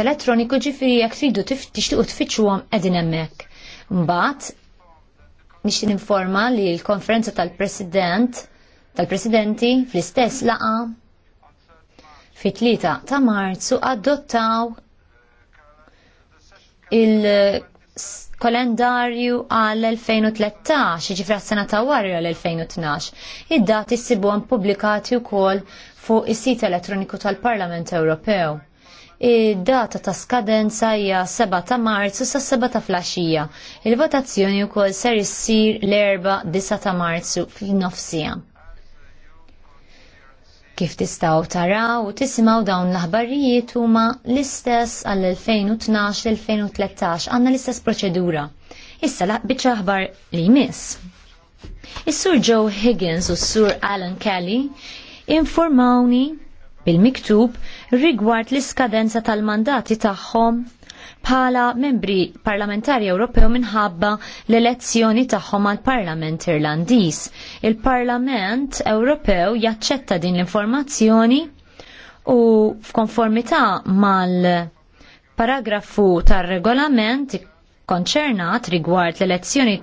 elettroniku ġifiri jek tridu tixtiqu tfittxuhom qegħdin hemmhekk. Mbagħad nixtieq informa li l-konferenza tal-President tal-Presidenti fl-istess laqa fit tlita ta' Marzu adottaw il-kalendarju għal-2013, ġifra s sena ta' warri għal-2012. Id-dati s-sibu għan publikati u kol fuq is-sit elettroniku tal-Parlament Ewropew. Id-data ta' skadenza hija 7 ta' Marzu sa' 7 ta' flaxija. Il-votazzjoni wkoll ser issir l-erba' 9 ta' Marzu fil nofsija Kif tistgħu taraw u tisimgħu dawn l-aħbarijiet huma l-istess għall-2012-2013 għandna l-istess proċedura. Issa biċċa aħbar li jmiss. Is-Sur Joe Higgins u s-Sur Alan Kelly informawni bil-miktub rigward l-iskadenza tal-mandati tagħhom bħala membri parlamentari Ewropew minħabba l-elezzjoni tagħhom għal Parlament Irlandiż. Il-Parlament Ewropew jaċċetta din l-informazzjoni u f'konformità mal-paragrafu tar-regolament konċernat rigward l-elezzjoni